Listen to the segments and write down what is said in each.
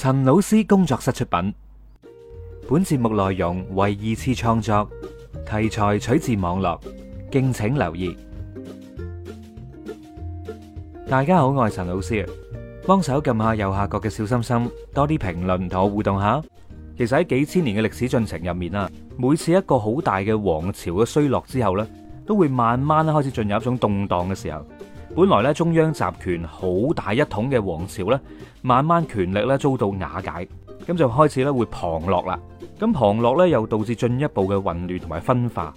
陳老師工作室出品，本節目內容為二次創作，題材取自網絡，敬請留意。大家好，我係陳老師，幫手撳下右下角嘅小心心，多啲評論同我互動下。其實喺幾千年嘅歷史進程入面啊，每次一個好大嘅王朝嘅衰落之後呢，都會慢慢咧開始進入一種動盪嘅時候。本來咧中央集權好大一統嘅王朝咧，慢慢權力咧遭到瓦解，咁就開始咧會旁落啦。咁旁落咧又導致進一步嘅混亂同埋分化，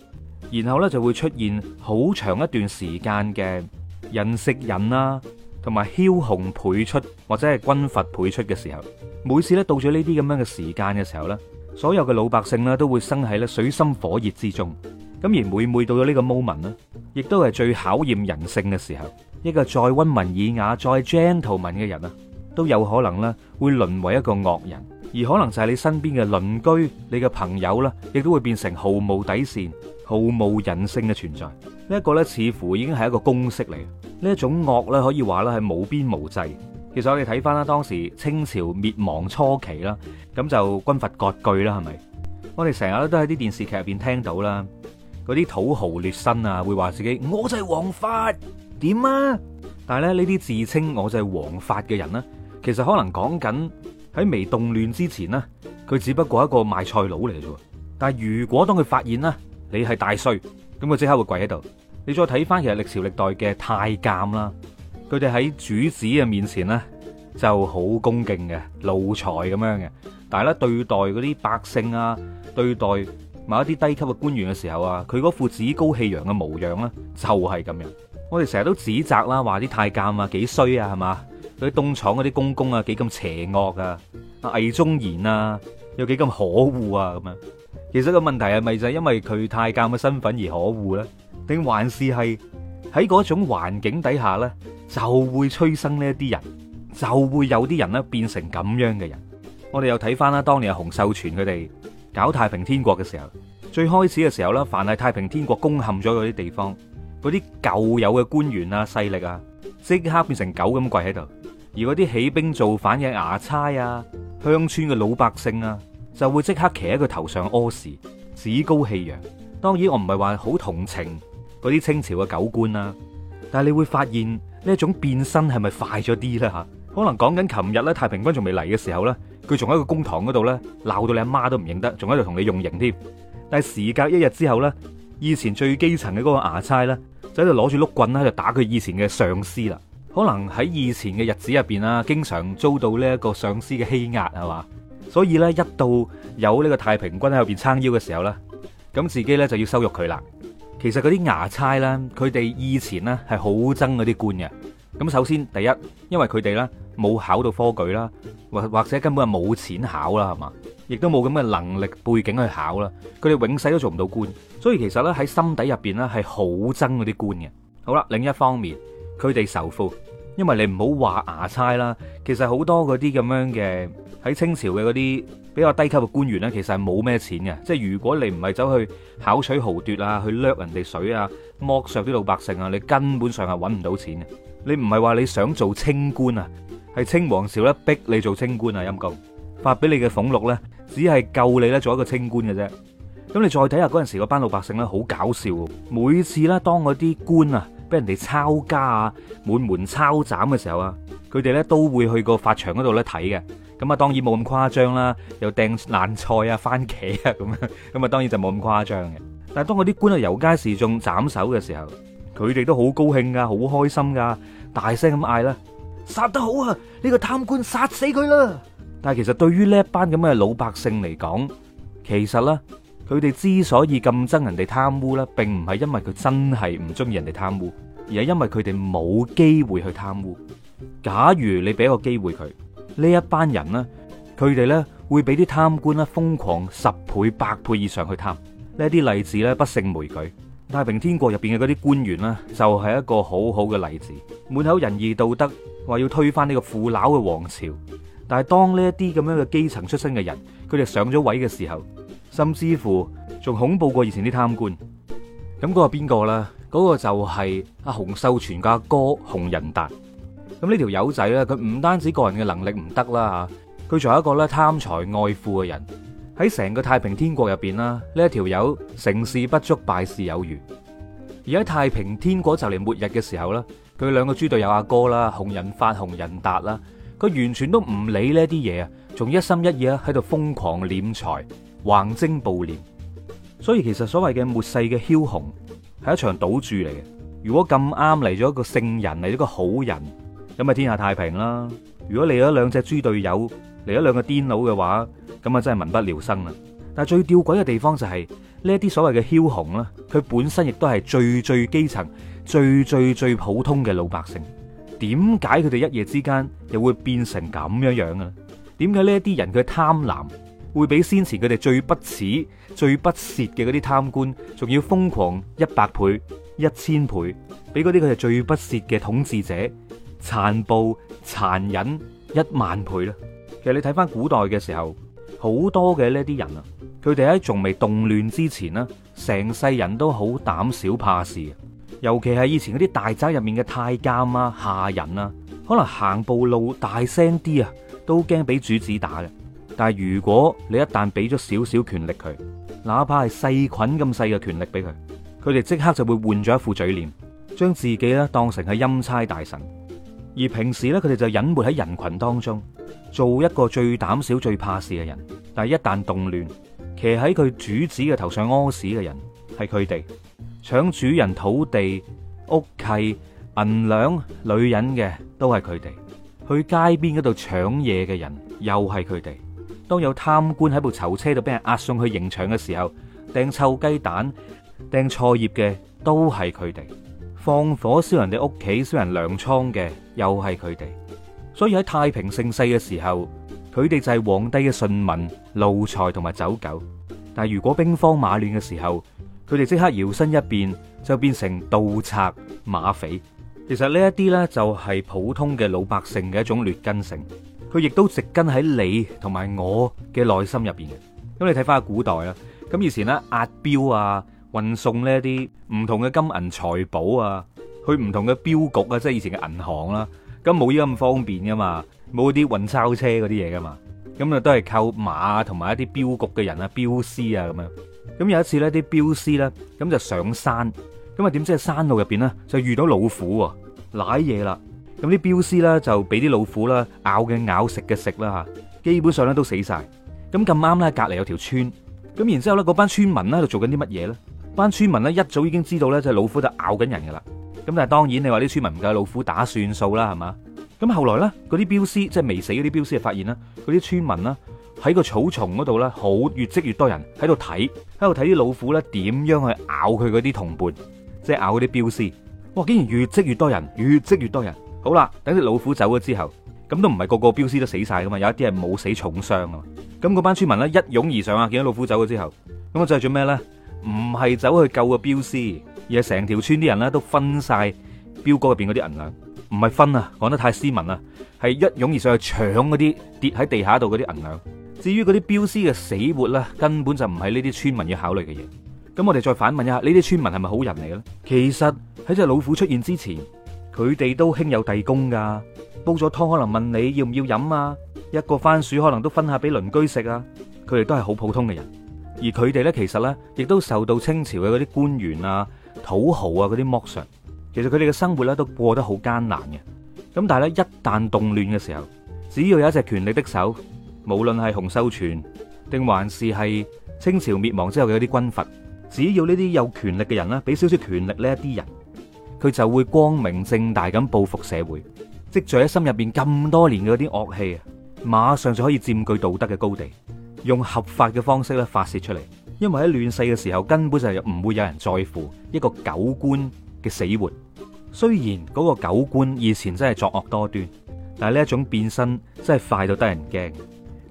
然後咧就會出現好長一段時間嘅人食人啦，同埋梟雄輩出或者係軍閥輩出嘅時候。每次咧到咗呢啲咁樣嘅時間嘅時候咧，所有嘅老百姓咧都會生喺咧水深火熱之中。咁而每每到咗呢個 moment 咧，亦都係最考驗人性嘅時候。一個再溫文爾雅、再 gentleman 嘅人啊，都有可能咧會淪為一個惡人，而可能就係你身邊嘅鄰居、你嘅朋友咧，亦都會變成毫無底線、毫無人性嘅存在。呢一個咧，似乎已經係一個公式嚟。呢一種惡咧，可以話咧係無邊無際。其實我哋睇翻啦，當時清朝滅亡初期啦，咁就軍閥割據啦，係咪？我哋成日都喺啲電視劇入邊聽到啦，嗰啲土豪劣紳，啊，會話自己我就係王法。點啊！但係咧，呢啲自稱我就係王法嘅人呢，其實可能講緊喺未動亂之前呢，佢只不過一個賣菜佬嚟嘅啫。但係如果當佢發現呢，你係大帥，咁佢即刻會跪喺度。你再睇翻，其實歷朝歷代嘅太監啦，佢哋喺主子嘅面前呢，就好恭敬嘅，奴才咁樣嘅。但係咧，對待嗰啲百姓啊，對待某一啲低級嘅官員嘅時候啊，佢嗰副趾高氣揚嘅模樣呢，就係咁樣。我哋成日都指責啦，話啲太監啊幾衰啊，係嘛？嗰啲東廠嗰啲公公啊幾咁邪惡啊，魏忠賢啊又幾咁可惡啊咁啊！其實個問題係咪就係因為佢太監嘅身份而可惡咧？定還是係喺嗰種環境底下咧，就會催生呢一啲人，就會有啲人咧變成咁樣嘅人？我哋又睇翻啦，當年洪秀全佢哋搞太平天國嘅時候，最開始嘅時候咧，凡係太平天國攻陷咗嗰啲地方。嗰啲舊有嘅官員啊、勢力啊，即刻變成狗咁跪喺度；而嗰啲起兵造反嘅牙差啊、鄉村嘅老百姓啊，就會即刻企喺佢頭上屙屎，趾高氣揚。當然，我唔係話好同情嗰啲清朝嘅狗官啦、啊，但係你會發現呢一種變身係咪快咗啲咧嚇？可能講緊琴日咧，太平軍仲未嚟嘅時候咧，佢仲喺個公堂嗰度咧鬧到你阿媽都唔認得，仲喺度同你用刑添。但係時隔一日之後咧，以前最基層嘅嗰個牙差咧，就喺度攞住碌棍咧，就打佢以前嘅上司啦。可能喺以前嘅日子入邊啦，經常遭到呢一個上司嘅欺壓係嘛，所以咧一到有呢個太平軍喺入邊撐腰嘅時候啦，咁自己咧就要羞辱佢啦。其實嗰啲衙差咧，佢哋以前咧係好憎嗰啲官嘅。咁首先第一，因為佢哋咧冇考到科舉啦，或或者根本係冇錢考啦，係嘛。亦都冇咁嘅能力背景去考啦，佢哋永世都做唔到官，所以其實咧喺心底入邊咧係好憎嗰啲官嘅。好啦，另一方面，佢哋仇富，因為你唔好話衙差啦，其實好多嗰啲咁樣嘅喺清朝嘅啲比較低級嘅官員咧，其實係冇咩錢嘅。即係如果你唔係走去巧取豪奪啊，去掠人哋水啊，剝削啲老百姓啊，你根本上係揾唔到錢嘅。你唔係話你想做清官啊，係清王朝咧逼你做清官啊，陰公。發俾你嘅俸祿咧，只係夠你咧做一個清官嘅啫。咁你再睇下嗰陣時嗰班老百姓咧，好搞笑。每次咧當嗰啲官啊，俾人哋抄家啊、滿門抄斬嘅時候啊，佢哋咧都會去個法場嗰度咧睇嘅。咁啊，當然冇咁誇張啦，又掟爛菜啊、番茄啊咁樣。咁啊，當然就冇咁誇張嘅。但係當嗰啲官啊遊街示眾、斬首嘅時候，佢哋都好高興噶，好開心噶，大聲咁嗌啦，殺得好啊！呢個貪官殺死佢啦！但係其實對於呢一班咁嘅老百姓嚟講，其實呢，佢哋之所以咁憎人哋貪污呢，並唔係因為佢真係唔中意人哋貪污，而係因為佢哋冇機會去貪污。假如你俾個機會佢，呢一班人呢，佢哋呢會俾啲貪官呢瘋狂十倍、百倍以上去貪。呢啲例子呢，不勝枚舉。太平天國入邊嘅嗰啲官員呢，就係一個好好嘅例子，滿口仁義道德，話要推翻呢個腐朽嘅王朝。但係當呢一啲咁樣嘅基層出身嘅人，佢哋上咗位嘅時候，甚至乎仲恐怖過以前啲貪官。咁嗰個邊個呢？嗰個就係阿洪秀全嘅阿哥洪仁達。咁呢條友仔呢，佢唔單止個人嘅能力唔得啦，佢仲係一個咧貪財愛富嘅人。喺成個太平天國入邊啦，呢一條友成事不足敗事有餘。而喺太平天國就嚟末日嘅時候呢，佢兩個豬隊友阿哥啦，洪仁發、洪仁達啦。佢完全都唔理呢啲嘢啊，仲一心一意啊喺度瘋狂斂財，橫徵暴斂。所以其實所謂嘅末世嘅梟雄係一場賭注嚟嘅。如果咁啱嚟咗一個聖人嚟咗個好人，咁咪天下太平啦。如果嚟咗兩隻豬隊友嚟咗兩個癲佬嘅話，咁啊真係民不聊生啦。但係最吊詭嘅地方就係呢啲所謂嘅梟雄啦，佢本身亦都係最最基層、最最最最普通嘅老百姓。點解佢哋一夜之間又會變成咁樣樣嘅咧？點解呢一啲人嘅貪婪會比先前佢哋最不恥、最不屑嘅嗰啲貪官，仲要瘋狂一百倍、一千倍，比嗰啲佢哋最不屑嘅統治者殘暴、殘忍一萬倍咧？其實你睇翻古代嘅時候，好多嘅呢啲人啊，佢哋喺仲未動亂之前咧，成世人都好膽小怕事。尤其係以前嗰啲大宅入面嘅太監啊、下人啊，可能行步路大聲啲啊，都驚俾主子打嘅。但係如果你一旦俾咗少少權力佢，哪怕係細菌咁細嘅權力俾佢，佢哋即刻就會換咗一副嘴臉，將自己咧當成係欽差大臣。而平時咧，佢哋就隱沒喺人群當中，做一個最膽小、最怕事嘅人。但係一旦動亂，騎喺佢主子嘅頭上屙屎嘅人係佢哋。搶主人土地、屋契、銀兩、女人嘅都係佢哋；去街邊嗰度搶嘢嘅人又係佢哋。當有貪官喺部囚車度俾人押送去刑場嘅時候，掟臭雞蛋、掟菜葉嘅都係佢哋。放火燒人哋屋企、燒人糧倉嘅又係佢哋。所以喺太平盛世嘅時候，佢哋就係皇帝嘅順民、奴才同埋走狗。但如果兵荒馬亂嘅時候，佢哋即刻搖身一變，就變成盜賊馬匪。其實呢一啲呢，就係普通嘅老百姓嘅一種劣根性，佢亦都植根喺你同埋我嘅內心入邊嘅。咁你睇翻古代啊，咁以前呢，押鏢啊，運送呢啲唔同嘅金銀財寶啊，去唔同嘅鏢局啊，即係以前嘅銀行啦。咁冇依家咁方便噶嘛，冇啲運鈔車嗰啲嘢噶嘛，咁啊都係靠馬啊，同埋一啲鏢局嘅人啊、鏢師啊咁樣。咁有一次咧，啲鏢師咧，咁就上山，咁啊點知喺山路入邊咧，就遇到老虎喎，瀨嘢啦，咁啲鏢師咧就俾啲老虎啦咬嘅咬，食嘅食啦吓，基本上咧都死晒。咁咁啱咧，隔籬有條村，咁然之後咧，嗰班村民咧喺度做緊啲乜嘢咧？班村民咧一早已經知道咧，即係老虎就咬緊人噶啦。咁但係當然你話啲村民唔夠老虎打算數啦，係嘛？咁後來咧，嗰啲鏢師即係未死嗰啲鏢師就發現啦，嗰啲村民啦。喺個草叢嗰度咧，好越積越多人喺度睇，喺度睇啲老虎咧點樣去咬佢嗰啲同伴，即係咬嗰啲鏢師。哇！竟然越積越多人，越積越多人。好啦，等啲老虎走咗之後，咁都唔係個個鏢師都死晒噶嘛，有一啲係冇死重傷啊嘛。咁嗰班村民咧一擁而上啊，見到老虎走咗之後，咁啊就係做咩咧？唔係走去救個鏢師，而係成條村啲人咧都分晒鏢局入邊嗰啲銀兩，唔係分啊，講得太斯文啦，係一擁而上去搶嗰啲跌喺地下度嗰啲銀兩。至於嗰啲鏢師嘅死活咧，根本就唔係呢啲村民要考慮嘅嘢。咁我哋再反問一下，呢啲村民係咪好人嚟嘅咧？其實喺隻老虎出現之前，佢哋都兄友弟恭噶，煲咗湯可能問你要唔要飲啊，一個番薯可能都分下俾鄰居食啊。佢哋都係好普通嘅人，而佢哋呢，其實呢，亦都受到清朝嘅嗰啲官員啊、土豪啊嗰啲剝削。其實佢哋嘅生活呢，都過得好艱難嘅。咁但係咧，一旦動亂嘅時候，只要有一隻權力的手。無論係洪秀全，定還是係清朝滅亡之後嘅嗰啲軍閥，只要呢啲有權力嘅人咧，俾少少權力呢一啲人，佢就會光明正大咁報復社會，積聚喺心入邊咁多年嘅嗰啲惡氣啊，馬上就可以佔據道德嘅高地，用合法嘅方式咧發洩出嚟。因為喺亂世嘅時候，根本就唔會有人在乎一個狗官嘅死活。雖然嗰個狗官以前真係作惡多端，但係呢一種變身真係快到得人驚。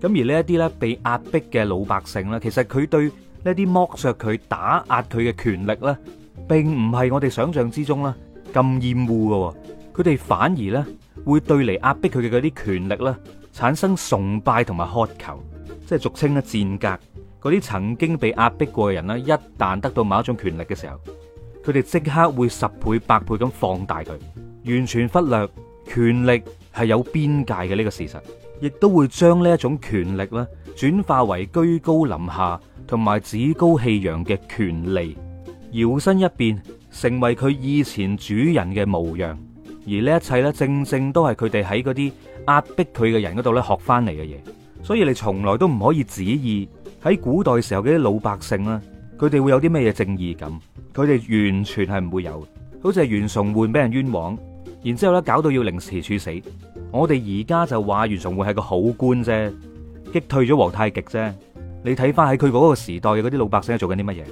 咁而呢一啲咧被壓迫嘅老百姓咧，其實佢對呢啲剝削佢、打壓佢嘅權力咧，並唔係我哋想象之中啦，咁厭惡嘅。佢哋反而咧會對嚟壓迫佢嘅嗰啲權力咧產生崇拜同埋渴求，即係俗稱咧賤格，嗰啲曾經被壓迫過嘅人咧，一旦得到某一種權力嘅時候，佢哋即刻會十倍百倍咁放大佢，完全忽略權力係有邊界嘅呢個事實。亦都會將呢一種權力咧，轉化為居高臨下同埋趾高氣揚嘅權力，搖身一變成為佢以前主人嘅模樣。而呢一切咧，正正都係佢哋喺嗰啲壓迫佢嘅人嗰度咧學翻嚟嘅嘢。所以你從來都唔可以指意喺古代時候嘅啲老百姓啦，佢哋會有啲咩嘢正義感？佢哋完全係唔會有，好似係袁崇煥俾人冤枉，然之後咧搞到要凌遲處死。我哋而家就話袁崇煥係個好官啫，擊退咗皇太極啫。你睇翻喺佢嗰個時代嘅嗰啲老百姓做緊啲乜嘢？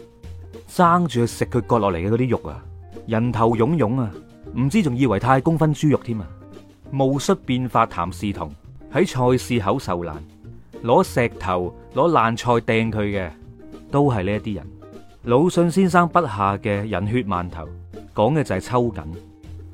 爭住去食佢割落嚟嘅嗰啲肉啊，人頭湧湧啊，唔知仲以為太公分豬肉添啊！戊戌變法，譚嗣同喺菜市口受難，攞石頭攞爛菜掟佢嘅，都係呢一啲人。魯迅先生筆下嘅人血饅頭，講嘅就係秋瑾。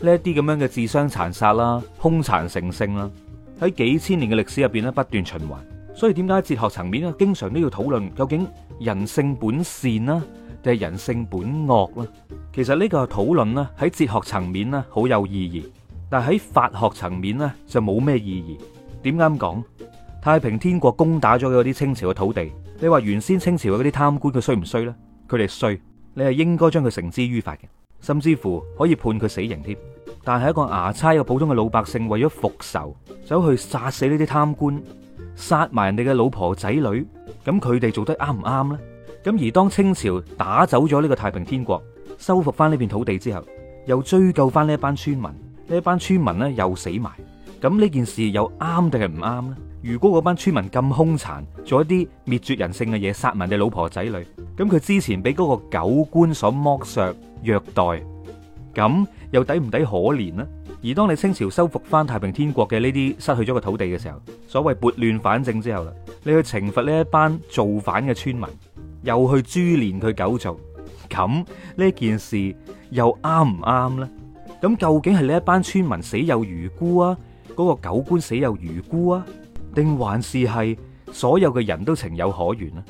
呢一啲咁樣嘅自相殘殺啦、兇殘成性啦，喺幾千年嘅歷史入邊咧不斷循環，所以點解哲學層面咧經常都要討論究竟人性本善啦定係人性本惡啦？其實呢個討論咧喺哲學層面咧好有意義，但係喺法學層面咧就冇咩意義。點啱咁講？太平天國攻打咗嗰啲清朝嘅土地，你話原先清朝嗰啲貪官佢衰唔衰呢？佢哋衰，你係應該將佢繩之於法嘅。甚至乎可以判佢死刑添，但係一個衙差，一個普通嘅老百姓為咗復仇，走去殺死呢啲貪官，殺埋人哋嘅老婆仔女，咁佢哋做得啱唔啱咧？咁而當清朝打走咗呢個太平天國，收復翻呢片土地之後，又追究翻呢一班村民，呢一班村民咧又死埋，咁呢件事又啱定係唔啱咧？如果嗰班村民咁兇殘，做一啲滅絕人性嘅嘢，殺埋你老婆仔女？咁佢之前俾嗰個狗官所剝削、虐待，咁又抵唔抵可憐呢？而當你清朝收復翻太平天國嘅呢啲失去咗個土地嘅時候，所謂撥亂反正之後啦，你去懲罰呢一班造反嘅村民，又去誅連佢九族，咁呢件事又啱唔啱呢？咁究竟係呢一班村民死有餘辜啊？嗰個狗官死有餘辜啊？定還是係所有嘅人都情有可原呢？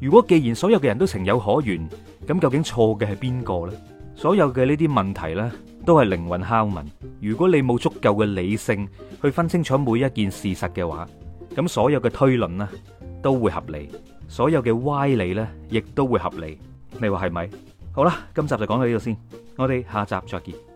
如果既然所有嘅人都情有可原，咁究竟錯嘅係邊個呢？所有嘅呢啲問題呢，都係靈魂拷問。如果你冇足夠嘅理性去分清楚每一件事實嘅話，咁所有嘅推論呢，都會合理，所有嘅歪理呢，亦都會合理。你話係咪？好啦，今集就講到呢度先，我哋下集再見。